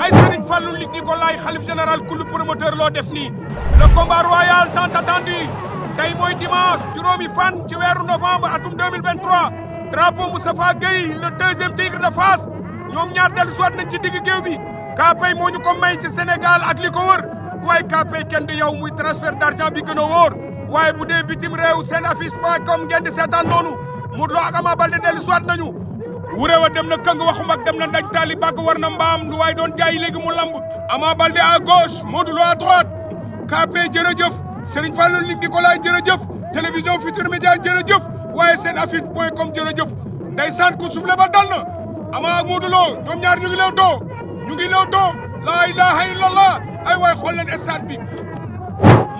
ay Serigne Fallou Luc Nicolaï xalif général kulub promoteur loo def nii le combat royal tant attendu tey mooy dimanche juróomi fan ci weeru novembre atum 2023 drapeau Moustapha Gueye le deuxième tigre de Fass ñoom ñaar dellu soit nañ ci digg géew bi Kaapay moo ñu ko may ci Sénégal ak li wër waaye Kaapay kenn du yow muy transfert d'argent bi gën a wóor waaye bu dee bitim réew seen affiche point com ngeen di seetaan noonu Modou Lo ak Ama Baldé dellu soit nañu wurewa dem na kang waxu dem na ndañ taali bàgg war na mbaam lu waay doon jaay léegi mu lamb Ama Baldé à gauche Modou Lo à droite KP jërëjëf Serigne Fallou li Nicolas jërëjëf télévision Futurs Médias jërëjëf waaye seen affiche point com jërëjëf ndeysaan ku suufle ba dal na Ama ak Modou ñoom ñaar ñu ngi leew too ñu ngi leew too laa ilaha illallah ay waay xool leen stade bi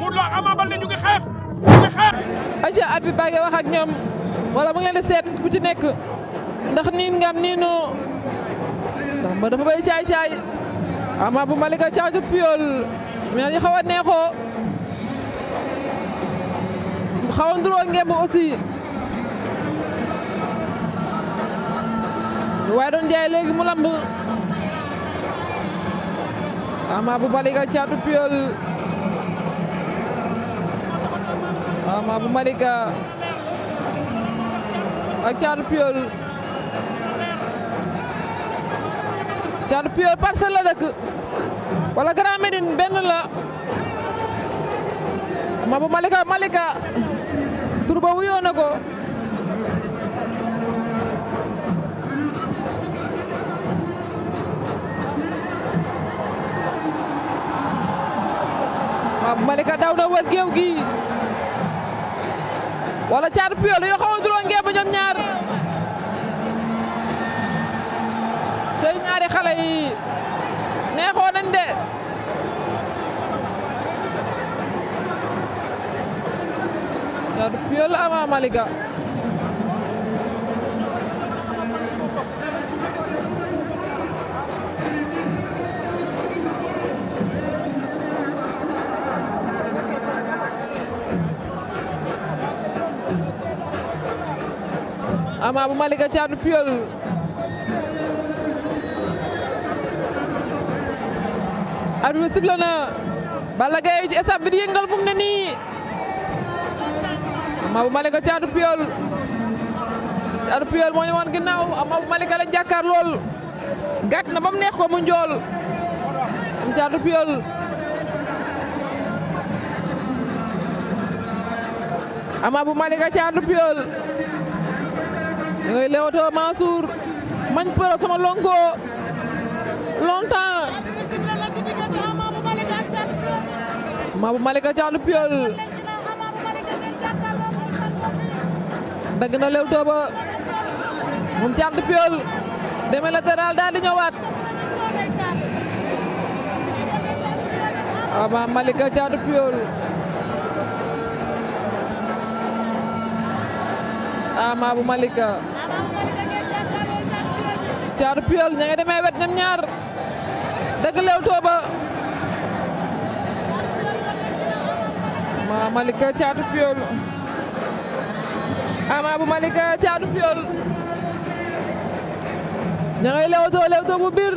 Modou Lo Ama Baldé ñu ngi xeex ñu ngi xeex aja at bi bàggee wax ñoom wala mu ngi ci nekk ndax niin ngam niinu ndax mbër dafa bay caay caay ama bu malika caaju piyool ñaar yi xaw a neexoo xaw a nduroo ngemb jaay léegi mu lamb ama bu malika caatu piyool ama bu malika ak caatu piyool Thiatou Puyol Parcelles la dëkk wala Grand Médine benn la ma bu Malika Malika tur ba wuyoo na ko bu Malika daw na wër géew gi wala Thiatou Puyol yoo xaw a ñoom ñaar xale yi neexoo nañ de Ama Malika Ama bu Malika Caatu Puyol aduna sifla na Balla Gaye ci stade bi di yëngal fu mu ne nii Ama bu Malika Caatu Piol Caatu Piol moo ñu woon ginnaaw bu Malika la jàkkaar lool na ba neex ko mu njool am Caatu Piol Ama bu Malika Caatu Piol da ngay leewtoo Mansour mañ pero sama lonko Ama bu Malika Caatu Puyol dagg na lew tooba moom Caatu Puyol deme latéral daal di ñëwaat Ama Malika Caatu Puyol Ama bu Malika Caatu Puyol ña ngi demee wet ñoom ñaar dagg lew tooba Ama Malika bu Malika Thiatou Piyol ña ngay bu biir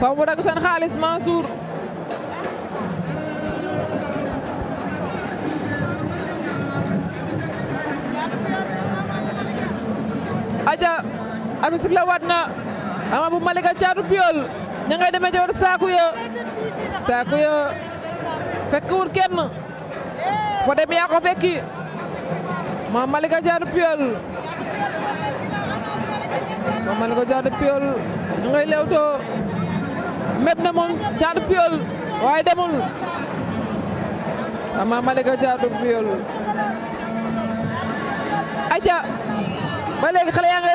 faw mu dag xaalis Mansour ami sif la waat na ama bu malika caatu piyool ña ngay ca war saaku ya saaku ya fekk wut kenn fo dem yaa ko fekki ma malika caatu piyool ma malika caatu piyool ñu demul ama malika caatu piyool aja ba léegi xale yaa ngi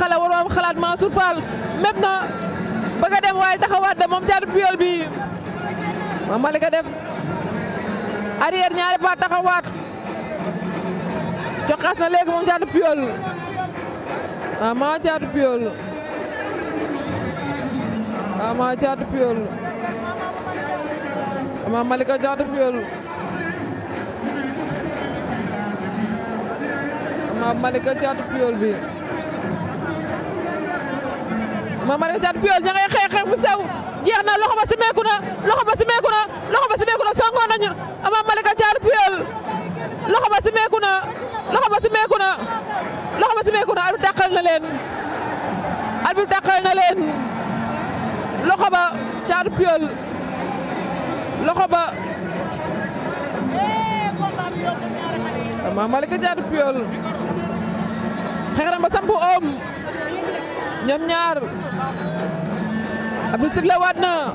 xala war am xalaat Mansour Fall mépp na bëgg a dem waaye taxawaat na moom jaadu piyool bi ma Malika def arrière ñaari ba taxawaat joxaas na léegi moom jaadu piyool waaw ah, maa jaadu piyool waaw ah, ma Malika jaadu piyool ah, Mame Malika Thiatou Piyol bi Mame Malika Thiatou Piyol ña ngay xeex xeex sew jeex na loxo ba si na loxo ba si na loxo na songoon nañu Mame Malika Thiatou loxo ba si na loxo ba si na loxo ba si meeku na arbitre loxo ba Thiatou Piyol loxo ba Mame Malika Thiatou Piyol xeexeram ba sampu oom ñoom ñaar Abdou Siflé waat na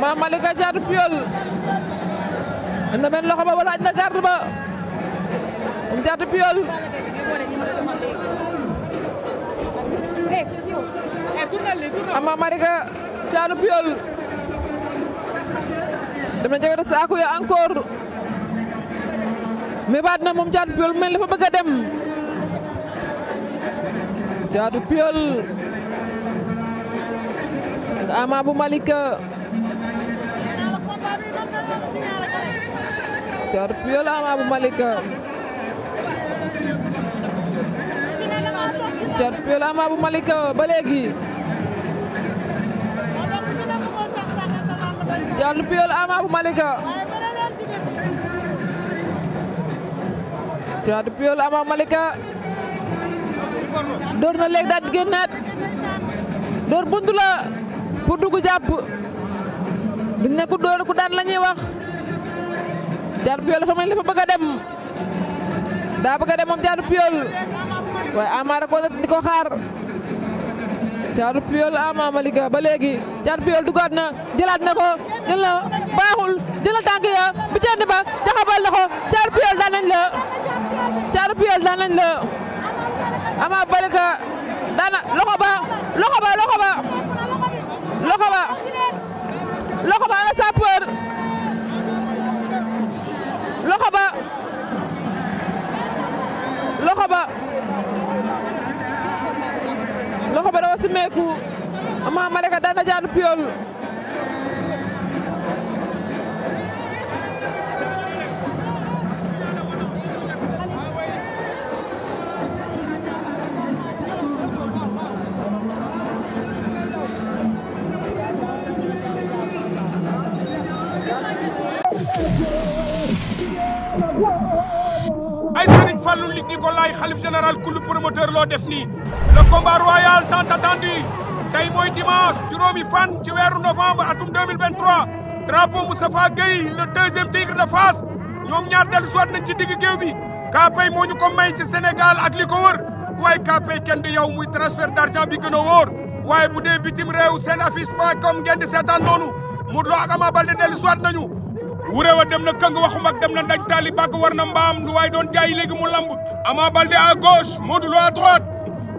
Mame Malika Thiatou Puyol anda men loxo ba wala aj na garde ba moom Thiatou Puyol a Mame Malika Thiatou Puyol dem na jawet saaku ya encore mébaat na moom Caatu Puyol mel dafa bëgg a Caatu Puyol ak Ama Malika Caatu Puyol Ama bu Malika Caatu Puyol Caatu Puyol Ama bu Malika Thiatou Piyol Ama Malika door na léegi daal di génnaat door buntu la pour dugg jàpp duñ ne ku door ku daan la wax Thiatou Piyol dafa mel ni dafa dem daa bëgg dem moom Thiatou Piyol waaye Ama da ko di ko xaar Thiatou Piyol Ama Malika ba léegi Thiatou Piyol dugaat na jëlaat na ko jël baaxul jël tànk ya bi jënd ba caxabal na ko Thiatou Piyol daan nañ la. Thiatou Puyol daan nañ la Ama ka daana loxo ba loxo ba loxo ana sapeur loxo ba loxo ba loxo ba dafa simeeku Ama Baldé ka Fallou Luc Nicolaï xalif général kulu promoteur loo def nii le combat royal tant attendu tey mooy dimanche juróomi fan ci weeru novembre atum 2023 drapeau Moustapha Gueye le deuxième tigre de Fass ñoom ñaar dellu suwaat nañ ci digg géew bi Kaapay moo ñu ko may ci Sénégal ak li ko wër waaye Kaapay kenn du yow muy transfert d'argent bi gën a wóor waaye bu dee bitim réew seen affiche point com ngeen di seetaan noonu Modou Lo ak Ama Baldé dellu wurewa dem na këng waxum dem na ndañ taali bàgg war na mbaam du waay doon jaay léegi mu lamb Ama Baldé à gauche Modou Lo à droite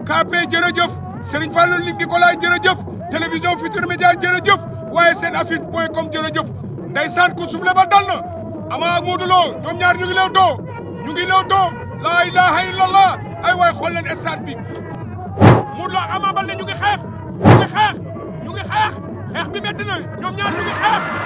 KP jërëjëf Serigne Fallou Luc Nicolaï jërëjëf télévision Futurs Médias jërëjëf waaye seen affiche point com jërëjëf ndeysaan ku soufflé ba dal na Ama ak Modou ñoom ñaar ñu ngi lew too ñu ngi lew too laa ilaha illallah ay waay xool leen stade bi Modou Lo Ama Baldé ñu ñu ngi xeex ñu ngi xeex xeex bi métti ñoom ñaar ñu ngi xeex